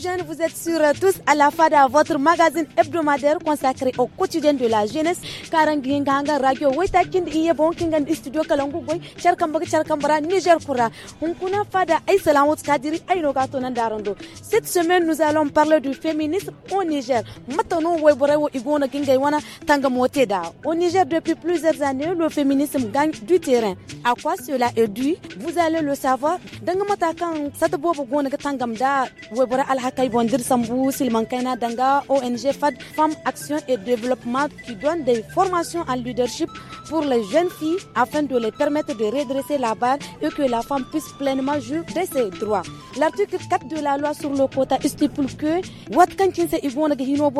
jeunes, vous êtes sur euh, tous à la FADA, votre magazine hebdomadaire consacré au quotidien de la jeunesse. Karanginganga Radio, Wetakin, Iyebon, Kingan, Studio Kalangugoy, Cherkambok, Cherkambara, Niger Kura, Hunkuna Fada, Aïsalamot Kadiri, Aïnogatonan darondo. Cette semaine, nous allons parler du féminisme au Niger. Maintenant, Weboreo, Igona, Kingaywana, Tangamoteda. Au Niger, depuis plusieurs années, le féminisme gagne du terrain. À quoi cela est dû? Vous allez le savoir. Dangamatakan, satabo Gona, Tangamda, Webora, Alha, Akay Sambou, Silman Kaina Danga, ONG FAD, Femmes Action et Développement, qui donne des formations en leadership pour les jeunes filles afin de les permettre de redresser la barre et que la femme puisse pleinement jouir de ses droits. L'article 4 de la loi sur le quota stipule que, Watkan Kinse Ibon Gihino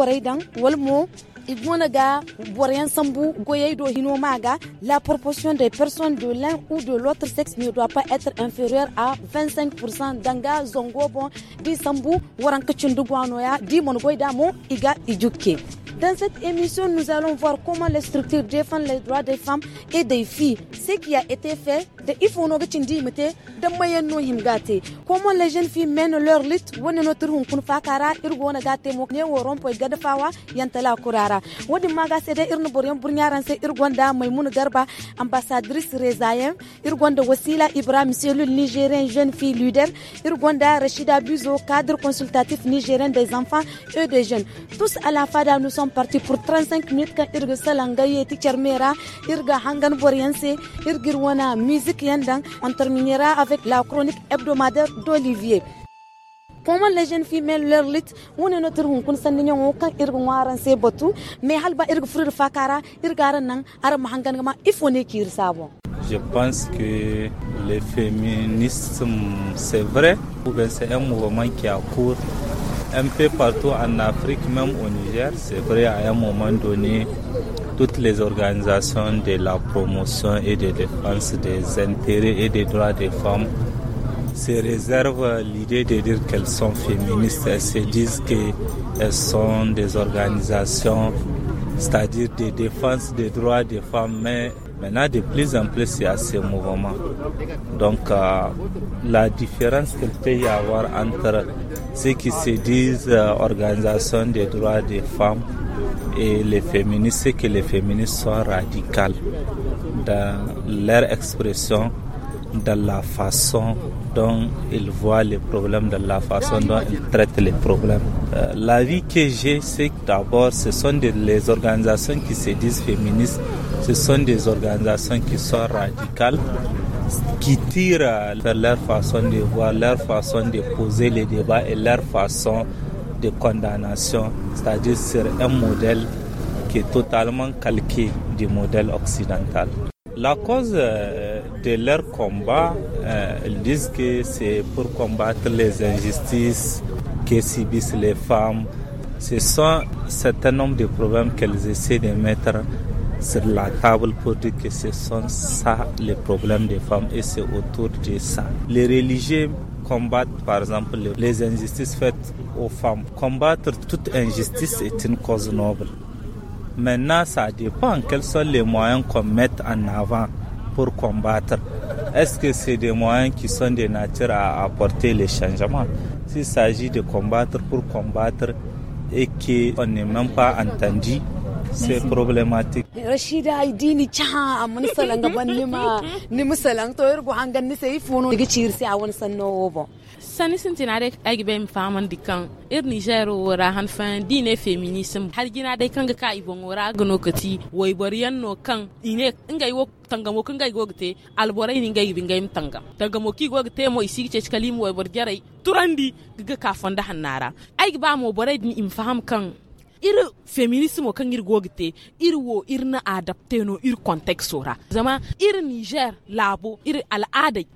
iguna ga boren sambu hino maga la proportion des personnes de l'un ou de l'autre sexe ne doit pas être inférieure à 25% danga zongo bon di sambu waran kacin ya di mon mo iga ijuke dans cette émission, nous allons voir comment les structures défendent les droits des femmes et des filles. Ce qui a été fait, de Ifonobe Chindimite, de Moyeno Himgate. Comment les jeunes filles mènent leur lutte, Wone notre Hunkun Fakara, Irgona Gate Mokne, Worompo et Gadafawa, Yantala Kurara. Wadi Magasede Irnoborium Burnyaranse, Irgonda, Moymoun Garba, ambassadrice Rezayen, Irgonda Wasila Ibrahim, le nigérien jeune fille leader, Irgonda Rachida Buzo, cadre consultatif nigérien des enfants et des jeunes. Tous à la FADA, nous sommes parti pour 35 minutes kan irga salanga yeti charmera irga hangan boriense irgir wana musique yandang on terminera avec la chronique hebdomadaire d'Olivier kuma la jeune fille leur lit woni no tur hun kun sanni nyon kan irgu waran se botu mais halba irgu furir fakara irgaran nan ar mahangan ma ifone kir sabo Je pense que le féminisme, c'est vrai, c'est un mouvement qui a cours un peu partout en Afrique, même au Niger. C'est vrai, à un moment donné, toutes les organisations de la promotion et de défense des intérêts et des droits des femmes se réservent l'idée de dire qu'elles sont féministes. Elles se disent qu'elles sont des organisations, c'est-à-dire des défenses des droits des femmes, mais Maintenant, de plus en plus, il y a ce mouvement. Donc, euh, la différence qu'il peut y avoir entre ce qui se disent euh, organisation des droits des femmes et les féministes, c'est que les féministes soient radicales dans leur expression, dans la façon dont ils voient les problèmes, de la façon dont ils traitent les problèmes. Euh, la L'avis que j'ai, c'est que d'abord, ce sont des, les organisations qui se disent féministes, ce sont des organisations qui sont radicales, qui tirent vers leur façon de voir, leur façon de poser les débats et leur façon de condamnation, c'est-à-dire sur un modèle qui est totalement calqué du modèle occidental. La cause euh, de leur combat, euh, ils disent que c'est pour combattre les injustices que subissent les femmes. Ce sont un certain nombre de problèmes qu'elles essaient de mettre sur la table pour dire que ce sont ça les problèmes des femmes et c'est autour de ça. Les religieux combattent par exemple les injustices faites aux femmes. Combattre toute injustice est une cause noble. Maintenant, ça dépend quels sont les moyens qu'on met en avant pour combattre. Est-ce que c'est des moyens qui sont de nature à apporter les changements S'il s'agit de combattre pour combattre et qu'on n'est même pas entendu, ces problématique. Eh, sani sun tinare agi be faman dikan ir er niger wora han fan dine feminism har gina dai kanga ka ibon wora gano kati wai bariyan no kan ine inga iwo tanga mo kanga iwo gte albora ini ngai binga im tanga tanga mo ki iwo gte mo isi ce kalim wai bar jarai turandi ga ka fonda hannara ai ba mo borai din im faham kan ir feminismo kan ir gogite ir wo ir na adapte no ir context ora zama ir niger labo ir Al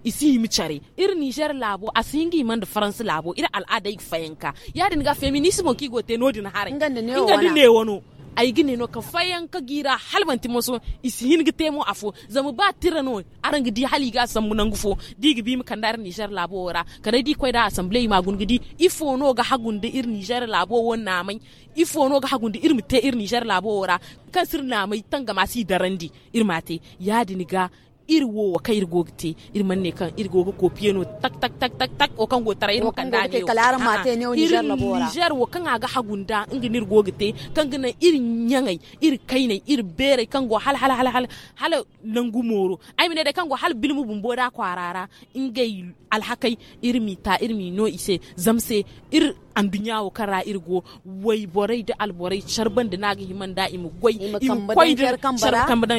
isi mi chare ir niger labo asingi man da france labo ir Al ik Fayenka. ya dinga feminismo ki gote no din hare inga ne wono ay gine no ka fayan ka gira halwanti moso isi hin gite mo afo zamu ba tirano no arang di hali ga sam nangu fo digi bi mu kandar Niger labo ora kada di koy da assembly ma gun gidi ifo no ga de ir Niger labo na mai ifo no ga de ir mite ir Niger labo ora kan sir na mai tanga masi darandi ir mate ya ga irwo wo wa kai irgo te irman ne kan irgo go ko piano tak tak tak tak tak o kan go tara iri kan da ne kalaran mate ne o jar la bora jar wo kan aga hagunda ingi nir go te kan gina iri nyangai iri kainai iri bere kan go hal hal hal hal hal langu moro ai mine da kan go hal bilmu bumbo da kwarara ingai alhakai iri mita mi no ise zamse ir an duniya wa kara irgo wai borai da alborai charban da naga himan da imu gwai imu kwai da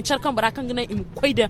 charkan bara kan gina imu kwai da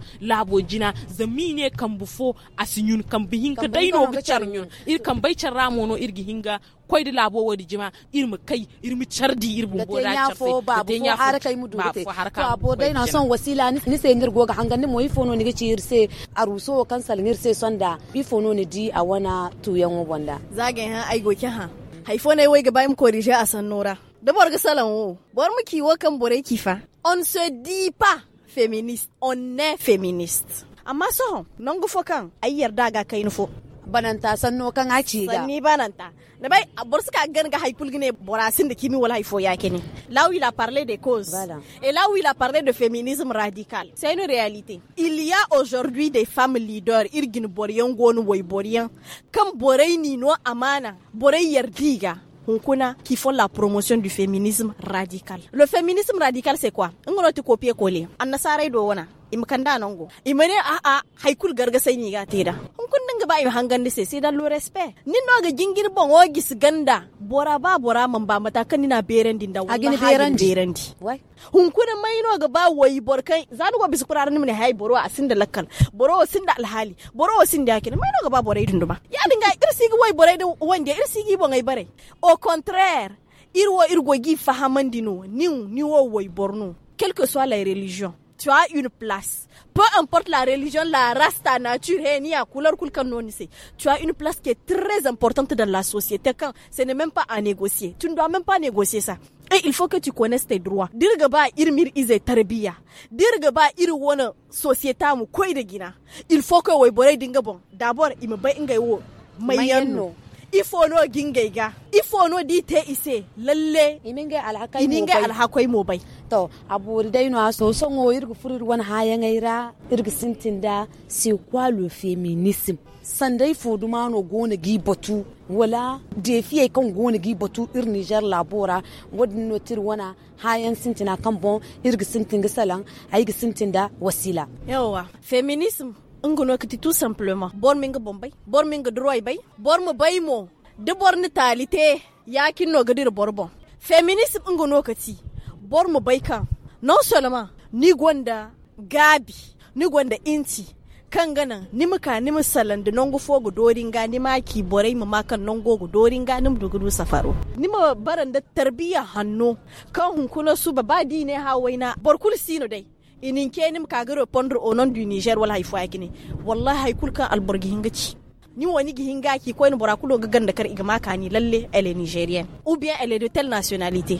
abojina zamine kan bufo sinyun kan bihin ka daino gicar ir kan bai car no irgi hinga koy di labo wadi jima ir mu kai ir mu chardi ir bu da carfe da den ya har kai mu dubete to abo dai na son wasila ni se ngir goga hanga ni moyi fono ni ga ir se aruso kan sal ngir se sonda bi fono ni di a wana yan wanda zage ha ai goki ha haifo ne wai gaba im korije a san nora da ga salan wo bor mu wo kan bore kifa on se dit pas féministe. On est féministe. Amason, sohon, nangu fo kan, ay yarda bananta sanno kan aci ga bananta da bai borsu ka gan ga haipul gine borasin da kimi wala haifo ya ne là où il a parlé des causes voilà. et là où il a parlé de féminisme radical c'est une réalité il y a aujourd'hui des femmes leaders irgin boriyan gonu woy boriyan kan borai ni no amana borai yerdiga on connaît qui font la promotion du féminisme radical. Le féminisme radical, c'est quoi? On copier-coller. On a imkanda nango imene a a haikul sai ni ga teda kun dinga ba im hangan ni sai dan lo respect nin no ga jingir bon o gis ganda bora ba bora man ba mata kan beren din da wala agini beren berendi wai hun kun mai no ga ba wai za zanu go biskura ran mun hay boro a sinda lakkal boro sinda alhali boro sinda da yakin mai no ga ba borai dunduma ya dinga irsigi wai borai da wanda gi bon ai bare au contraire irwo irgo gi fahamandi no niw niwo wai borno quelle que soit la religion tu as une place. Peu importe la religion, la race, ta nature, eh, ni la couleur, tu as une place qui est très importante dans la société. Quand ce n'est même pas à négocier, tu ne dois même pas négocier ça. Et il faut que tu connaisses tes droits. Dirga ba irmir ize tarbiya. Dirga ba ir wona société mu koy de gina. Il faut que we bore dinga bon. D'abord, il me bay ngay wo mayanno. ifo no Il ifo no dite ise lalle ininga alhakai mo bai to abori dai no so so ngo irgu furir wan haya ngaira irgu sintinda si kwalo feminism sandai fodu mano gona gi batu wala defiye kan gona gi batu ir Niger labora wadin notir wana hayan sintina kan bon irgu sintin gisalan ayi da wasila yawa feminism ngono kiti tout simplement bor minga bombay bor minga droit bay bor mo bay mo de bor ni talite yakin no gadir borbon feminism ngono kati bor mu bai kan non seulement ni gwanda gabi ni gwanda inti kan ganan ni muka ni misalan da nongo dorin doringa ni maki borai mu makan nongo go doringa ni mudugudu safaro ni ma baran da tarbiya hannu kan hunkuna su babadi ne hawaina borkul sino dai inin ke ni muka garo pondro onon du Niger wala haifu akini wallahi haikul kan alborgi hingaci ni wani gihin gaki ko ni borakulo ga ganda kar igama kani lalle ele Nigerien ou bien ele de telle nationalité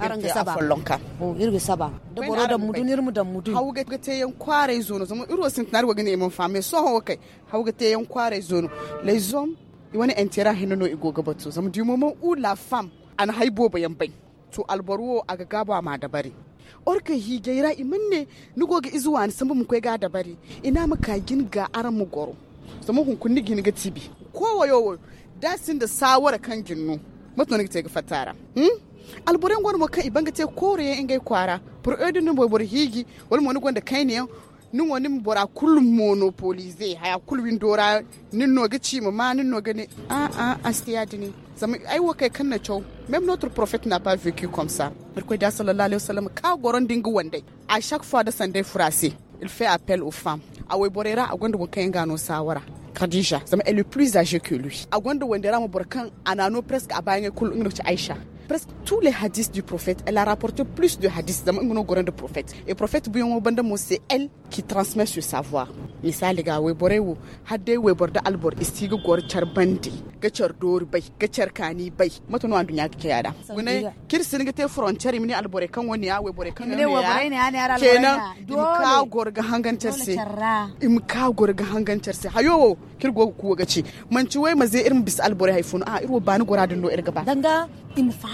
aranga saba afallonka o oh, irga saba da boro da mudu nirmu da mudu hawga te yan kware zono zama iro sin tanar wagin imam fame so ho kai hawga te yan kware zono les zom wani entera hinno igo gabato zama du moment où la fam. an haibo bayan bai to albaruwo aga gaba ma da bari orka hi gaira i ne nugo ga izuwa ni samba mu kai ga da bari ina muka gin ga aran mu goro zama hun kunni gin ga tibi ko wayo dasin da sawara kan ginnu mutunan ga fatara hmm? alburen gwon mo kai banga te kore yan gay kwara pour eux de no higi wal mo gonda ne nin wani bora kul monopolize haya kulwin dora nin noga ci mu ma nin noga ne a a astiya dini zama ai wa kai kan na chow même notre prophète n'a pas vécu comme ça quoi da sallallahu alaihi wasallam ka goron dinga wande a chaque fois de sandai frasi il fait appel aux femmes a wai borera a gwanda kai gano sawara Khadija zama elle est plus âgée que lui a gwanda wanda ramu burkan anano presque a bayan Kul, Aisha presque tous les hadiths du prophète, elle a rapporté plus de hadiths de prophète. Et prophète Bouyon Bandamo, c'est elle qui transmet ce savoir. les Misali ga webore wo, hadde webor da albor istigo gor charbandi, gacar dori bai, gacar kani bai, mato no andunya ke yada. Wune kirsin ga te frontier mini albore kan wani ya webore kan ne webore ne ya ne ara e kenan im ka gor ga hangantar se. Im ka gor ga hangantar se. Hayo kirgo ku gaci. Manci wai maze irin bis albore haifun a ah, irwo bani gora dindo irga ba. Danga im fa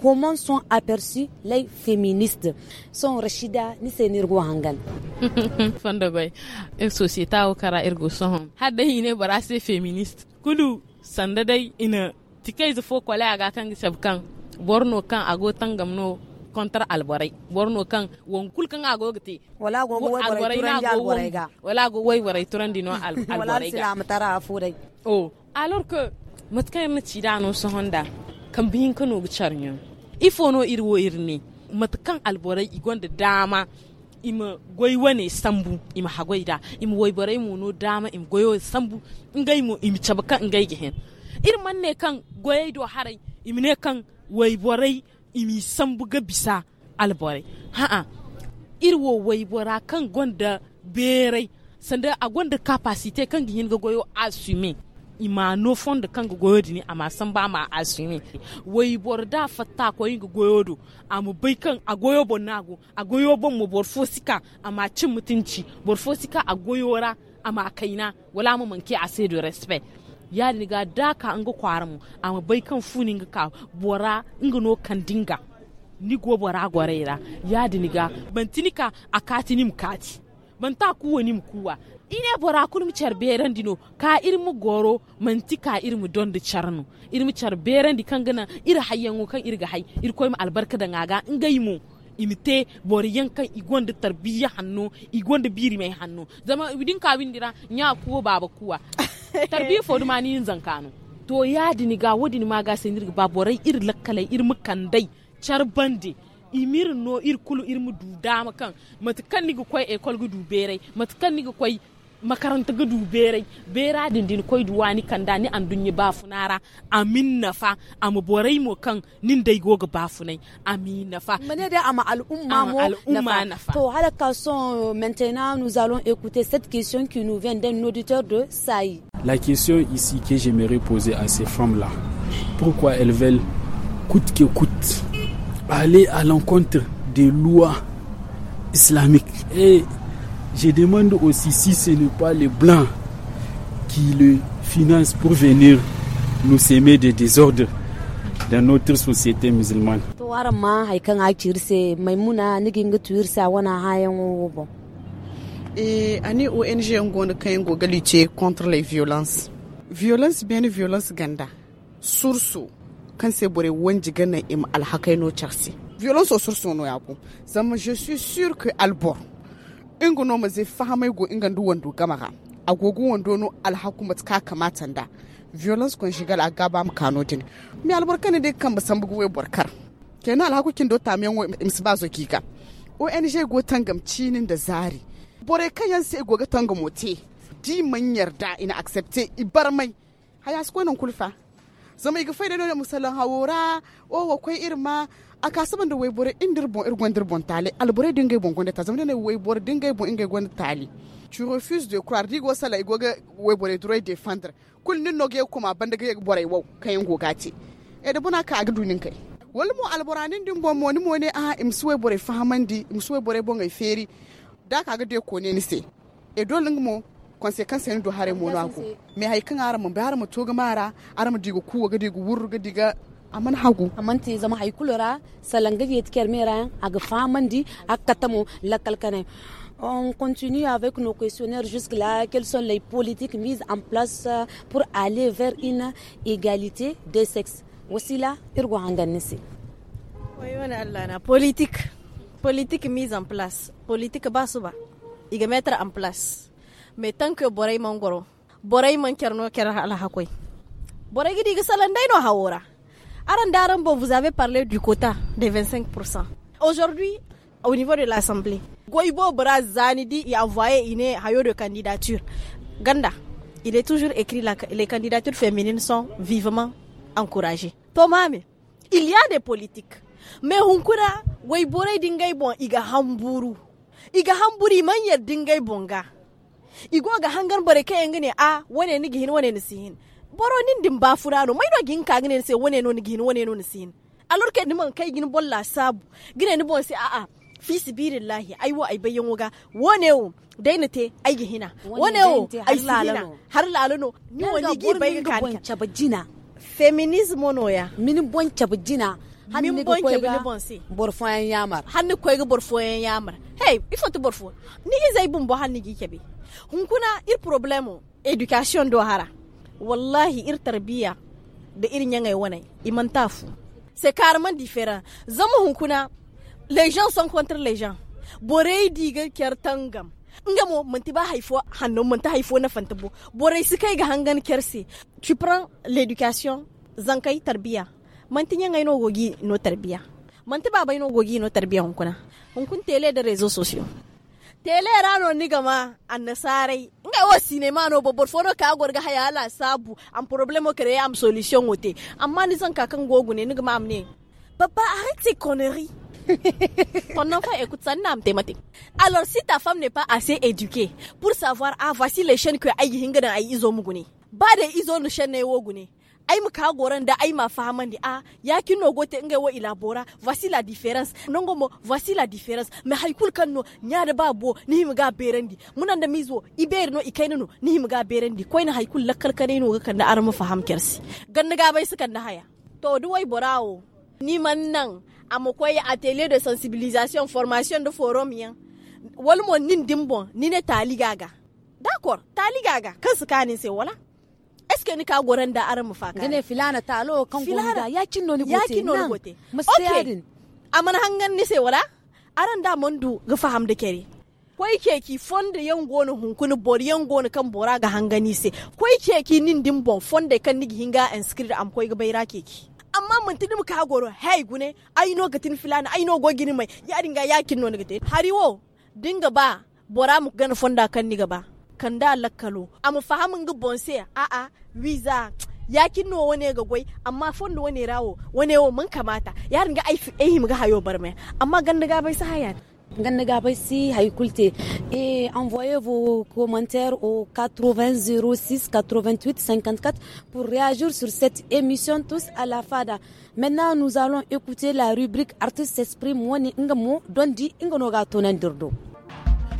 comment sont aperçus les féministes. Son Rachida ni senirgo hangan. Fanda une société au kara ergo son. Hada ine bara féministe. Kulu sanda ina tikai zafo kwala aga kan sabkan. Borno kan ago tangam no alborai borno kan won kul kan ago gti. wala go go alborai na go ga wala go wai warai turan dino alborai ga wala sila matara afudai oh alors que matkai na ci da no honda kan bihin kano charnyo ifo no iri wo irni matakan alborai da dama ima goiwa ne sambu ima da, ima woiborai mu no dama im goyo sambu ngai mu im chabaka ngai gehen irin man ne kan goyai do harai im ne kan woiborai imi sambu ga bisa alborai ha'a irwo waibora kan gonda berai sanda a gonda kapasite kan gihin ga goyo assume ima no fonda kan ga goyo dini amma san ba ma asini wai bor da fatta ko yin goyo do amma bai kan a goyo bon nago a goyo bon mu bor fosika amma cin mutunci bor fosika a goyora amma kaina wala mu manke a sai do respect ya ni ga da ka an ga kwaran mu amma bai kan funin ga ka bora ga no kan dinga ni go bora gore ya ni ban bantinika a ni mkati ban ta kuwa nim kuwa ine bora kulum char beren no ka irmu goro manti ka irmu don da charno irmu char beren kangana ir hayyan kan irga hay ir koy ngaga imite bori yankan igonde tarbiya hanno igonde biri mai Hano. zama idin ka windira nya kuwa baba kuwa tarbiya fodu ma zankano to ya dini ga wodini ma maga senir ba borai ir lakkalai ir mukandai char bandi imir no ir kulu irmu du dama kan matkan ni ekol du berai ni makaranta gudu berai bera din koi duwani kanda ni an dunyi bafunara amin nafa amu borai mo kan nin dai goga bafunai amin nafa mene da ama al'umma mo al'umma nafa to halaka son maintenant nous allons écouter cette question qui nous vient d'un auditeur de Saï la question ici que j'aimerais poser à ces femmes là pourquoi elles veulent coûte que coûte aller à l'encontre des lois islamiques et je demande aussi si ce n'est pas les Blancs qui le financent pour venir nous semer des désordres dans notre société musulmane. Et e ani ONG ngon kayen go galice contre les violences. Violence bien violence ganda. Sursu kan se bore wanji gana im alhakaino charsi. Violence au sursu no Ça Zama je suis sûr que albor inga no ma zai fahamai go wando ndu wando gamaga agogo wando no alhakumat ka kamata da violence kun shigar a gaba mu kano din mi albarka ne dai kan ba san bugu wai barkar kenan alhakukin do tamiyan wai zo kika je go tangam cinin da zari bore kan yan sai goga tanga mote di man yarda ina accepte ibar mai haya su nan kulfa zama iga fayda do musalan hawora o wa kwai irma aka saban da waibore indir bon ir gondir bon tale albore dinga bon gonda ta zama ne waibore dinga bon inga gwanda tale tu refuses de croire digo sala igo ga waibore durai defendre kul nin noge kuma banda ga borai wau kayan ce e da buna ka agudunin kai wal mo alboranin din bon moni moni a imsu waibore fahamandi imsu waibore bon ga feri da ka ga de ne ni se e dolingo conséquence ni do haré mo nanku mais hay kan ara mo be har mo to gamara ara digu digo ku ga digo wur ga diga aman hagu aman te zama hay kulora salanga viet kermera aga famandi akatamo lakal kanai On continue avec nos questionnaires jusque-là. Quelles sont les politiques mises en place euh, pour aller vers une égalité des sexes Voici là, Irgo Hanganesi. Oui, on a la politique. Politique mise en place. Politique basuba. Il mettre en place mai tanke borai man borai man kerno kera ala hakoy borai gidi gisalan dai no hawora aran daran vous avez parlé du quota de 25% aujourd'hui au niveau de l'assemblée goibo brazani dit y envoyé une hayo de candidature ganda il est toujours écrit la, les candidatures féminines sont vivement encouragées tomame il y a des politiques mais hunkura goibore dingay bon iga hamburu iga hamburi man yar dingay bonga ga hangar bareke gine a ah, wane ni gihin wane ni sihin boro nin din ba furano mai no gin ka ngene se wane no ni gihin wane no ni sihin alor ke ni man kai gin bolla sabu gine ni bon se a ah, a ah, fi sibirillahi ai wo ai bayyan woga wane wo na te ai gihina wane wo ai sihina har lalano ni wani gi bai ka ni ka feminism no ya min bon chabjina min bon chabjina bon si borfoyan yamar hanni koyga borfoyan yamar hey ifo to borfo ni izai bo hanni gi kebe hunkuna ir problemu education do hara wallahi ir tarbiya da irin yangai wanai iman tafu c'est carrément différent zama hunkuna les gens sont contre les gens bore diga kyar tangam nga mo manti ba haifo hanno manta haifo na fantabo bore su kai ga hangan kersi tu prends l'education zankai tarbiya manti yangai no gogi no tarbiya manti ba no gogi no tarbiya hunkuna hunkun tele da réseaux sociaux tele rano ni gama annasarai nga wo sinema no bobor fono ka gorga haya ala sabu am problème créer am solution wote amma ni san kakan gogu ne ni gama amne papa arrête tes conneries ton enfant écoute ça nam thématique alors si ta femme n'est pas assez éduquée pour savoir ah voici les chaînes que ayi hingana ayi izo mugune ba de izo no chaîne wogune ai mu ka goran da ai ma fahaman di a ah, ya kin no gote ngai wo ilabora voici la différence nongo mo voici la différence me haikul kan no nya da ba bo ni mu ga berendi munan da mizo iber no ikaini no ni mu ga berendi koina haikul lakkal kane no ga kan da arma faham kersi gan ga bai sukan na haya to duwai borawo ni man nan amokoy atelier de sensibilisation formation de forum yan mo nin dimbon ni ne tali gaga d'accord tali gaga kan su kanin sai wala suke ni ka goran da aran mu faka ne filana talo kan da ya kinno ni gote na kinno ni gote okay amana hangan ni se wala aran da mondu ga faham da kere koi keki fonde yan gona hunkuni bor yan gona kan bora ga hangani se koi keki nin din bon fonda kan nigi hinga and script am koi ga bayra keki amma mun tidi ka goro hey gune ai no tin filana ai no go gini mai ya dinga yakin no ni gote hariwo dinga ba bora mu gana fonda kan ni gaba kanda da lakkalo amma fahamin ga bonse a a visa ya ki no wane ga goi amma fon fondo wane rawo wane wo mun kamata ya ringa ai ai mu ga hayo barme amma ganda ga bai sa haya ganda ga bai si hay kulte et envoyez vos commentaires au 8006 88 54 pour réagir sur cette émission tous à la fada maintenant nous allons écouter la rubrique artiste exprime woni ngamo dondi ingano ga tonan dirdo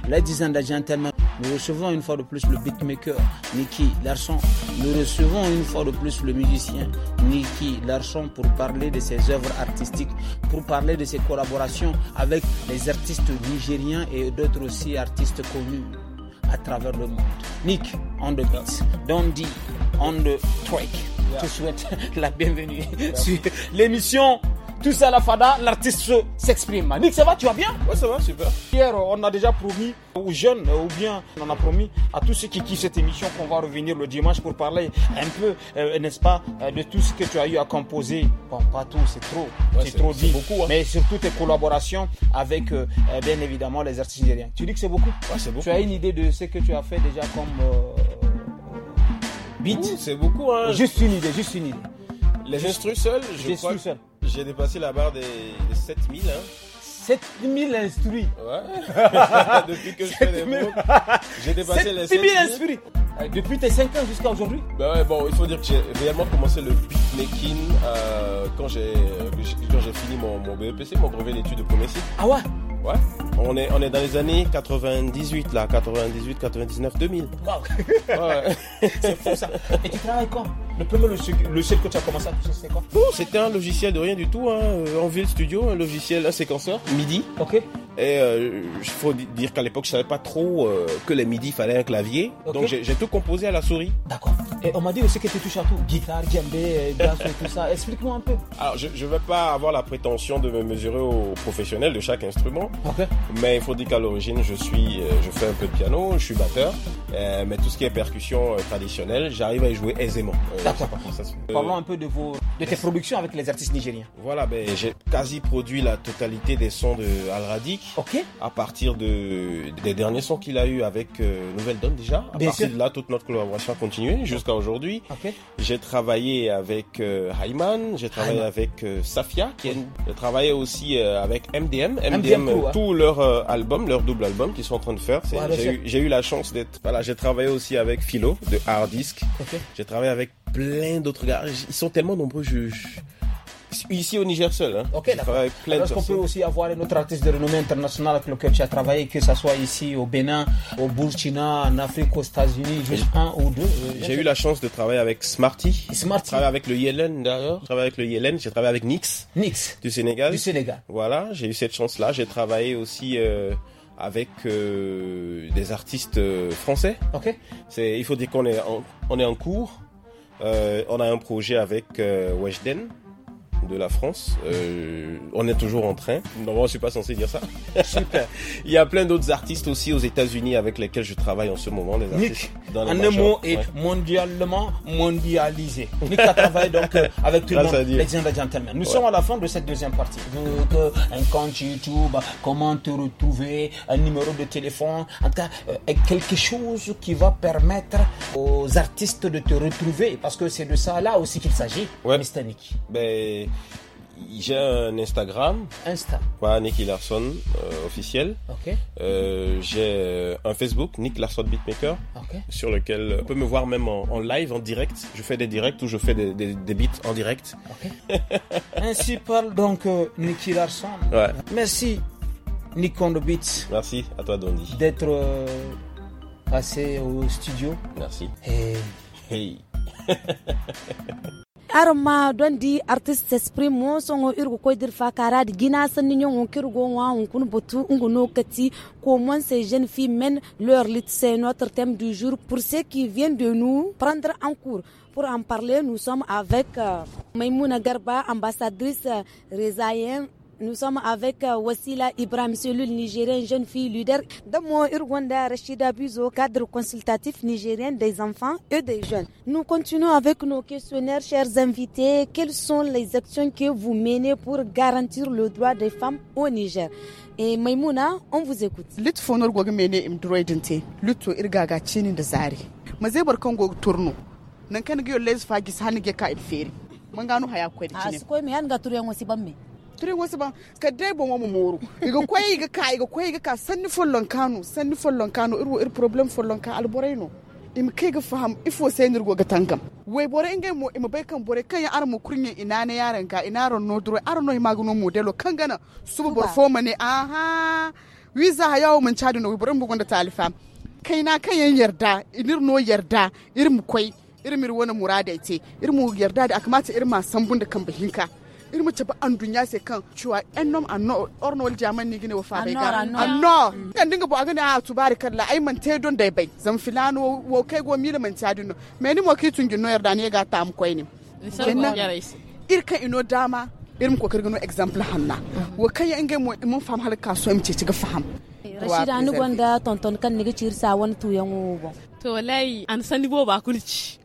Ladies and gentlemen, nous recevons une fois de plus le beatmaker Nicky Larson. Nous recevons une fois de plus le musicien Nicky Larson pour parler de ses œuvres artistiques, pour parler de ses collaborations avec les artistes nigériens et d'autres aussi artistes connus à travers le monde. Nick, on the beat, Dondi, on the track. Je te souhaite la bienvenue sur l'émission tout ça à la fada, l'artiste s'exprime. Nick, ça va, tu vas bien Oui, ça va, super. Hier, on a déjà promis aux jeunes, ou bien on a promis à tous ceux qui kiffent cette émission qu'on va revenir le dimanche pour parler un peu, euh, n'est-ce pas, euh, de tout ce que tu as eu à composer. Bon, pas tout, c'est trop, c'est trop dit. Beaucoup, hein. Mais surtout tes collaborations avec, euh, bien évidemment, les artistes Tu dis que c'est beaucoup Ouais, c'est beaucoup. Tu as une idée de ce que tu as fait déjà comme beat C'est beaucoup, hein. Juste une idée, juste une idée. Les instrus seuls, je les crois. Seuls. J'ai dépassé la barre des, 7000. 7000 hein. instruits. Ouais. Depuis que je fais des mots, j'ai dépassé les 7000 instruits. Ah, depuis tes 5 ans jusqu'à aujourd'hui ben ouais, bon, il faut dire que j'ai réellement commencé le beatmaking euh, quand j'ai fini mon, mon BEPC, mon brevet d'études de premier cycle. Ah ouais Ouais. On est, dans les années 98 là, 98, 99, 2000. Wow. Ouais. C'est fou ça. Et tu travailles quoi le premier logiciel que tu as commencé à toucher, c'est quoi Bon, c'était un logiciel de rien du tout, hein, euh, en ville studio, un logiciel, à séquenceur, MIDI. Ok. Et il euh, faut dire qu'à l'époque, je savais pas trop euh, que les midi, il fallait un clavier. Donc j'ai tout composé à la souris. D'accord. Et on m'a dit aussi que tu touches à tout, guitare, djembé, danse, euh, tout ça. Explique-moi un peu. Alors je ne vais pas avoir la prétention de me mesurer aux professionnels de chaque instrument. Mais il faut dire qu'à l'origine, je suis, je fais un peu de piano, je suis batteur. mais tout ce qui est percussion traditionnelle, j'arrive à y jouer aisément. D'accord. Parlons un peu de, vos, de tes productions avec les artistes nigériens. Voilà, ben, j'ai quasi produit la totalité des sons de Al Ok. À partir de, des derniers sons qu'il a eu avec euh, Nouvelle Donne déjà. À partir de là, toute notre collaboration a continué jusqu'à aujourd'hui. Ok. J'ai travaillé avec euh, j'ai travaillé avec euh, Safia, qui j'ai travaillé aussi euh, avec MDM. MDM, tous tout, albums, leur album, leur double album qu'ils sont en train de faire. j'ai, eu, j'ai eu, la chance d'être. Voilà, j'ai travaillé aussi avec Philo de Hard Disk. J'ai travaillé avec plein d'autres gars. Ils sont tellement nombreux. Je, je Ici au Niger seul. Hein. Ok, d'accord. est-ce qu'on peut aussi avoir Un autre artiste de renommée internationale avec lequel tu as travaillé, que ce soit ici au Bénin, au Burkina, en Afrique, aux États-Unis, juste un ou deux euh, J'ai eu la chance de travailler avec Smarty. Smarty. J'ai travaillé avec le Yellen d'ailleurs. J'ai travaillé avec le Yellen j'ai travaillé avec Nix. Nix. Du Sénégal. Du Sénégal. Voilà, j'ai eu cette chance-là. J'ai travaillé aussi. Euh, avec euh, des artistes français. Ok. C'est, il faut dire qu'on est on est en cours. on a un projet avec Weshden de la France. Euh, on est toujours en train. Non, je suis pas censé dire ça. Super. Il y a plein d'autres artistes aussi aux États-Unis avec lesquels je travaille en ce moment. Les Nick, en un mot, est mondialement mondialisé. Nick a travaillé donc euh, avec tout le monde. Ladies and gentlemen, nous sommes à la fin de cette deuxième partie. un compte YouTube, comment te retrouver, un numéro de téléphone, en tout cas, euh, quelque chose qui va permettre aux artistes de te retrouver parce que c'est de ça là aussi qu'il s'agit, ouais. Nick. Ben, j'ai un Instagram. Insta. Nicky Larson euh, officiel. Euh, j'ai euh, un Facebook, Nick Larson Beatmaker, sur lequel on peut me voir même en, live, en direct. Je fais des directs ou je fais des, beats en direct. Ainsi parle donc Nicky Larson. Ouais. Merci, Nick on the Beats. Merci à toi, Dondi. D'être passé au studio. Merci. Hey. Hey. arma don di artist exprime mo songo irgo ko dir fakara di gina nyongo kirgo wa on kun botu kati comment ces jeunes filles mènent leur lutte c'est notre thème du jour pour ceux qui viennent de nous prendre en cours pour en parler nous sommes avec euh, Maimouna Garba ambassadrice euh, résaïenne nous sommes avec euh, Wassila Ibrahim Selul, nigérien, jeune fille leader. de mon Rwanda, Rachida Buzo, cadre consultatif nigérien des enfants et des jeunes. Nous continuons avec nos questionnaires, chers invités. Quelles sont les actions que vous menez pour garantir le droit des femmes au Niger Et Maimouna, on vous écoute. Lutte fonor gog mene im droidente. Lutte irgaga chini de zari. Mazebar kongo tourno. Nankangyo les fagis hanige ka feri. Mangano haya kwedi ah, chini. tire wasu ba ka dai ban wa moro iga koyi iga ka iga koyi iga ka sanni folon kano, sanni follon kano irwo ir problem follon ka alboreno im kai ga faham ifo sai nirgo ga tankam wai bore inga mo im bai kan bore kan ya mu kurnye ina ne yaran ka ina ron no dro arno imagno modelo kan gana subu bor foma ne aha wiza yawo mun chadu no bore mbugo da talifa kai na kan yan yarda inir no yarda irin mu koi irin mir wani murada ite irin mu yarda da akamata irin ma sambun da kan bahinka irma mace ba andu dunya sai kan cewa yan nom a nor or jaman ne gina wa fa bai gara a nor kan dinga a gani a tubari kalla ai man te don dai bai zan filano wo kai go mi man ta dino me ni mo ki tun gino yarda ne ga ta am koi ni irka ino dama irin kokar gano example hanna wa kai ya ingai mun fam har kasuwa mu ce ci ga faham rashida ni gwanda tonton kan ni ga cirsa wani tuyan wo to lai an sani bo ba kulci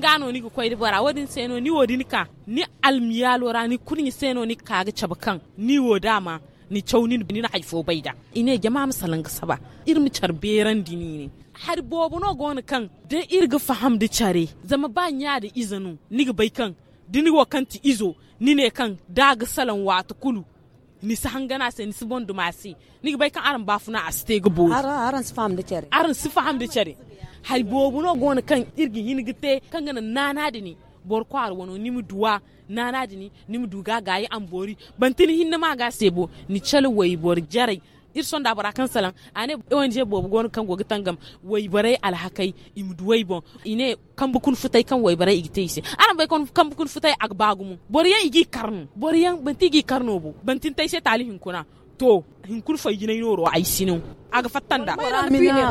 gano ni ko bara wadin seno ni wodin ka ni almiyalora ni kurni seno ni kaga cabakan ni wo dama ni chaunin ni na haifo baida ine jama'a misalan ga saba irmi charberan dini ne har bobo no gona kan Da irga faham da chare zama ba nya da izanu ni ga bai kan dini wo kanti izo ni ne kan daga salan wata kulu ni si hangana sai ni si bondu masi ni ga bai kan aran bafuna a stege bo aran aran si faham da chare aran si faham da chare hay bobu no gona kan irgi gite. kan gana nanadi ni bor kwar wono nimu duwa nanadi ni nimu duga gayi ban bantini hinna ma ga sebo ni chalo wayi bor jare. ir son da bara kan salan ane je bobu gon kan gogi tangam wayi bare alhakai imdu wayi bon ine kan bukun futai kan wayi bare igite ise aran bay kon kan bukun futai ak bagumu bor ya igi karnu bor ya banti igi karnu bu bantin tai se talihin kuna to hinkul fa jina yoro ay sinu aga fatanda mina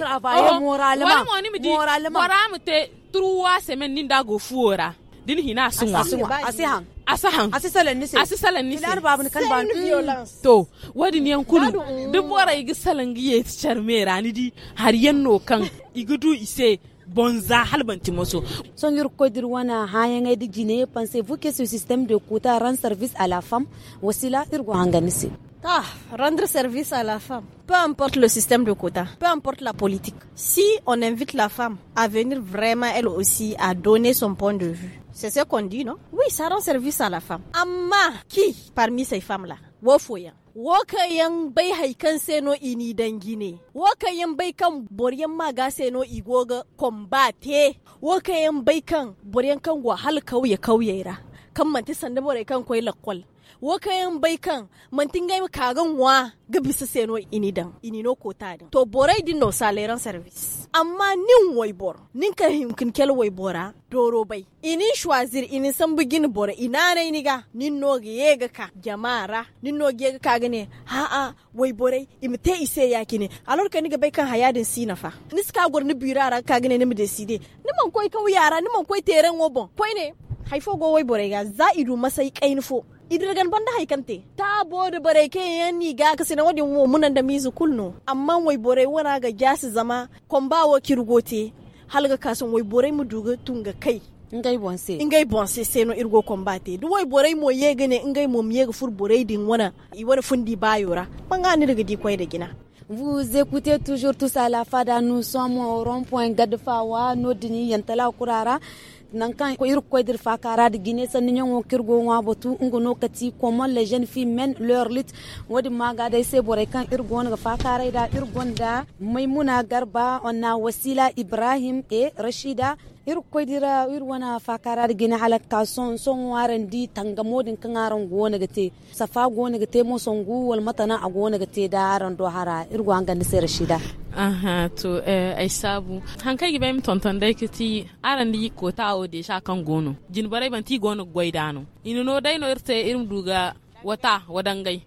travailler ma moralement moralement te trois semaines ninda go fuora din hina sunga asihan asahan asisalen nise asisalen nise ilar ni kan ban to wadi niyan kulu duk bora igi salan giye charmera ni di har yanno kan igudu ise bonza halbanti moso son yur kodir wana hayan ay di jine pensez vous que ce système de quota rend service à la femme wasila tirgo hanganisi Ah, rendre service à la femme. Peu importe le système de quotas, peu importe la politique. Si on invite la femme à venir vraiment elle aussi à donner son point de vue, c'est ce qu'on dit, non Oui, ça rend service à la femme. Amma, qui parmi ces femmes-là Wofoya. wokayan bai haikan seno ini dangine wokayan bai kan boryan maga seno igoga kombate wokayan bai kan boryan kan wahal kauye kauye ra kan manti sanda bore kan koi lakwal wo kayan bai kan mantin gai kagan wa ga bisa seno inidan inino ko tadin to borai din no salairan service amma nin waibor nin ka kin kel waibora doro bai ini shwazir ini san bugin bora ina ne ni ga nin no ga ga ka jamara nin no ga ka gane ha a waiborai imte ise ya kine alor ka ni ga bai kan hayadin sinafa niska gor ni birara ka gane ni mu deside ni man koi kau yara ni man koi teren wobon koi ne go wai borega za'idu masai kainfo idirgan banda haikante ta bode bare ke yanni ga kasi na wadin wo munan da mizu kulno amma wai bore wana ga gyasi zama komba wa kirgote halga kasan wai bore mu duga tunga kai ngai bonse ngai bonse no irgo kombate du wai bore mo ye gane ngai mo ga fur bore din wana i wani fundi bayora manga ni daga di kwai da gina Vous écoutez toujours tous à la fada, nous sommes au rond-point Gadfawa, Nodini, Yantala, Kurara. nankan ko ir koydir fa karade guiné san nyongo kirgo wa botu ngono kati comment les jeunes filles mènent leur lutte wodi maga se bore kan ir gon ga fa karida ir maimuna garba onna wasila ibrahim et rashida ir koy dira fakara da gina halakka son son waran di tanga modin kan aran gona te safa gona ga te mosan guwal wal matana a gona te da aran do hara ir go anga rashida aha to eh ai sabu hankali bai mi tonton dai kiti aran di ko ta o de sha kan gono jin barai ban ti gono goidano ino no dai no irte irin duga wata wadangai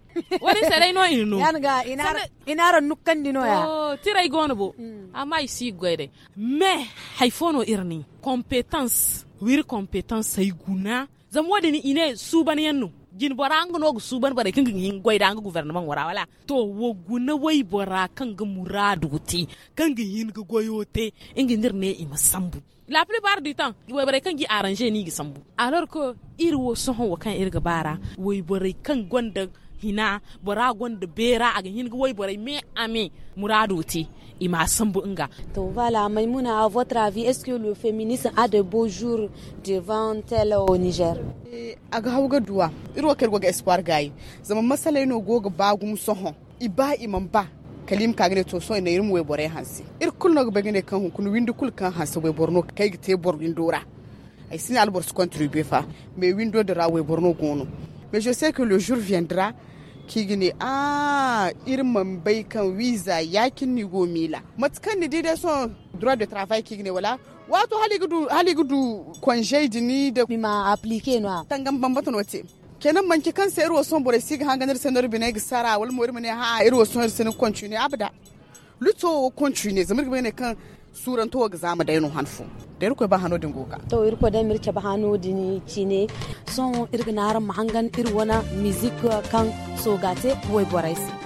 wani sarai no inu ga inara inara nukkan dino ya o oh, tira tirai gono bo hmm. amma isi gwede me haifono irni competence wir competence sai guna zam ina ine suban yannu jin bora an gano suban bare kin yin gwaida an gouvernement wara wala to wo guna wai bora kan ga muradu ti kan ga yin ga goyote ne dirne ma sambu la plupart du temps way bare kan gi arranger ni gi sambu alors que ir wo sohon wa kan ir ga bara way bore kan gonda hina bora de bera aga hin go me ami murado te ima sambu nga to voilà maimouna à votre avis est-ce que le féminisme a de beaux jours devant tel au Niger e, aga hawga duwa iro kel goga espoir gay zama masale no goga bagum soho iba imam ba kalim kagne to so ina irum we bore hansi ir kulno bagene kan hun kun windu kul kan hansi we borno kay te bor indura ay signal bor se contribuer fa mais windo de ra borno gono mais je sais que le jour viendra kigini a ah, irman bai kan wiza yakin ni mila matkan ni dai son droit de travail kigini wala wato haligudu haligudu congé dini da ma appliquer no tangan bambaton wate kenan manki kansa irwo son bore sig hanganar sanar binai gisara wal ne ha ah, irwo son sin continue abda luto continue zamir bane kan suran tuwa ga zama da yin hanfu da irko ba hanodin goka to irko da mirce ba hanodin ne son irginaran mahangan irwana music kan sogate boy boraisi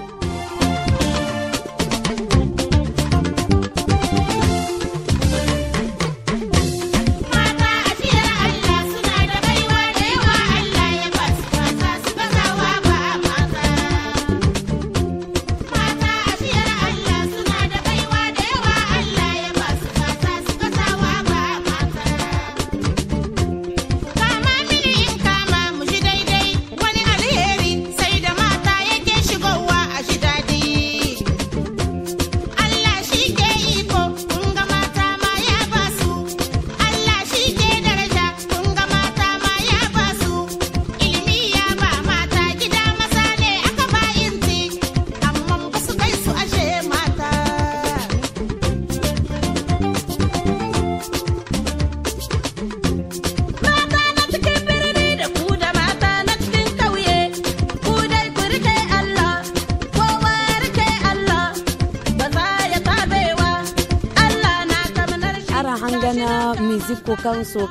Nouvelle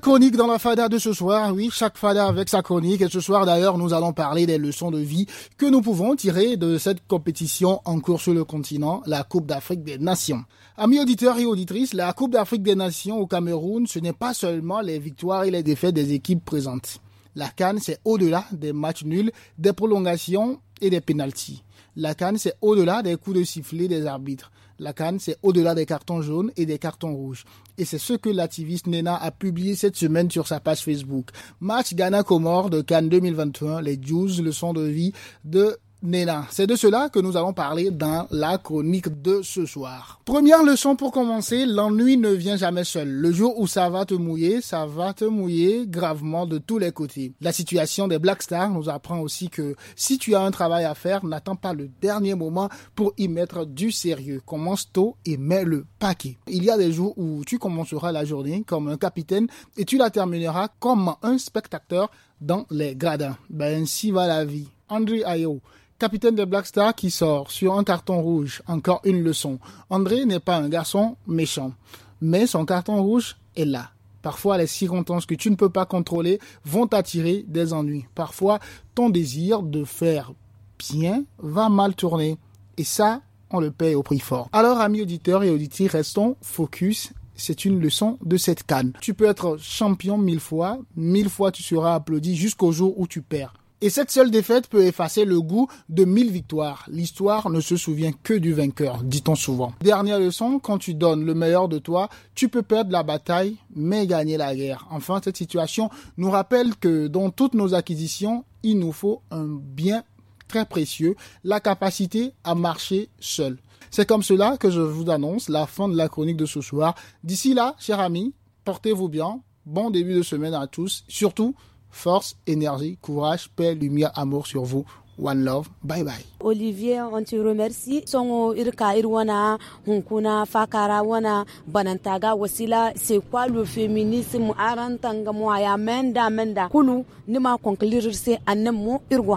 chronique dans la FADA de ce soir. Oui, chaque FADA avec sa chronique. Et ce soir, d'ailleurs, nous allons parler des leçons de vie que nous pouvons tirer de cette compétition en cours sur le continent, la Coupe d'Afrique des Nations. Amis auditeurs et auditrices, la Coupe d'Afrique des Nations au Cameroun, ce n'est pas seulement les victoires et les défaites des équipes présentes. La Cannes, c'est au-delà des matchs nuls, des prolongations et des pénalties. La canne c'est au-delà des coups de sifflet des arbitres. La canne c'est au-delà des cartons jaunes et des cartons rouges. Et c'est ce que l'activiste Nena a publié cette semaine sur sa page Facebook. Match Ghana-Comore de Cannes 2021, les 12 leçons de vie de Nena. C'est de cela que nous allons parler dans la chronique de ce soir. Première leçon pour commencer, l'ennui ne vient jamais seul. Le jour où ça va te mouiller, ça va te mouiller gravement de tous les côtés. La situation des Black Stars nous apprend aussi que si tu as un travail à faire, n'attends pas le dernier moment pour y mettre du sérieux. Commence tôt et mets le paquet. Il y a des jours où tu commenceras la journée comme un capitaine et tu la termineras comme un spectateur dans les gradins. Ben, ainsi va la vie. André Ayo, capitaine de Black star qui sort sur un carton rouge. Encore une leçon. André n'est pas un garçon méchant, mais son carton rouge est là. Parfois, les circonstances que tu ne peux pas contrôler vont t'attirer des ennuis. Parfois, ton désir de faire bien va mal tourner. Et ça, on le paye au prix fort. Alors, amis auditeurs et auditrices, restons focus c'est une leçon de cette canne. Tu peux être champion mille fois, mille fois tu seras applaudi jusqu'au jour où tu perds. Et cette seule défaite peut effacer le goût de mille victoires. L'histoire ne se souvient que du vainqueur, dit-on souvent. Dernière leçon, quand tu donnes le meilleur de toi, tu peux perdre la bataille, mais gagner la guerre. Enfin, cette situation nous rappelle que dans toutes nos acquisitions, il nous faut un bien très précieux, la capacité à marcher seul. C'est comme cela que je vous annonce la fin de la chronique de ce soir. D'ici là, chers amis, portez-vous bien. Bon début de semaine à tous. Surtout, force, énergie, courage, paix, lumière, amour sur vous. One Love. Bye bye. Olivier, on te remercie. Songo irka irwana, hunkuna, fakara wana, banantaga wasila, c'est quoi le féminisme arantanga moya menda menda. Kulu, nima conclure se anemo irgo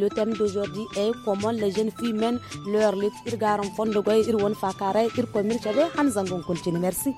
Le thème d'aujourd'hui est comment les jeunes filles mènent leur lutte. Irgaram Fondogoy, Irwan Fakare, Irkomin Chabe, Hanzangon continue. Merci.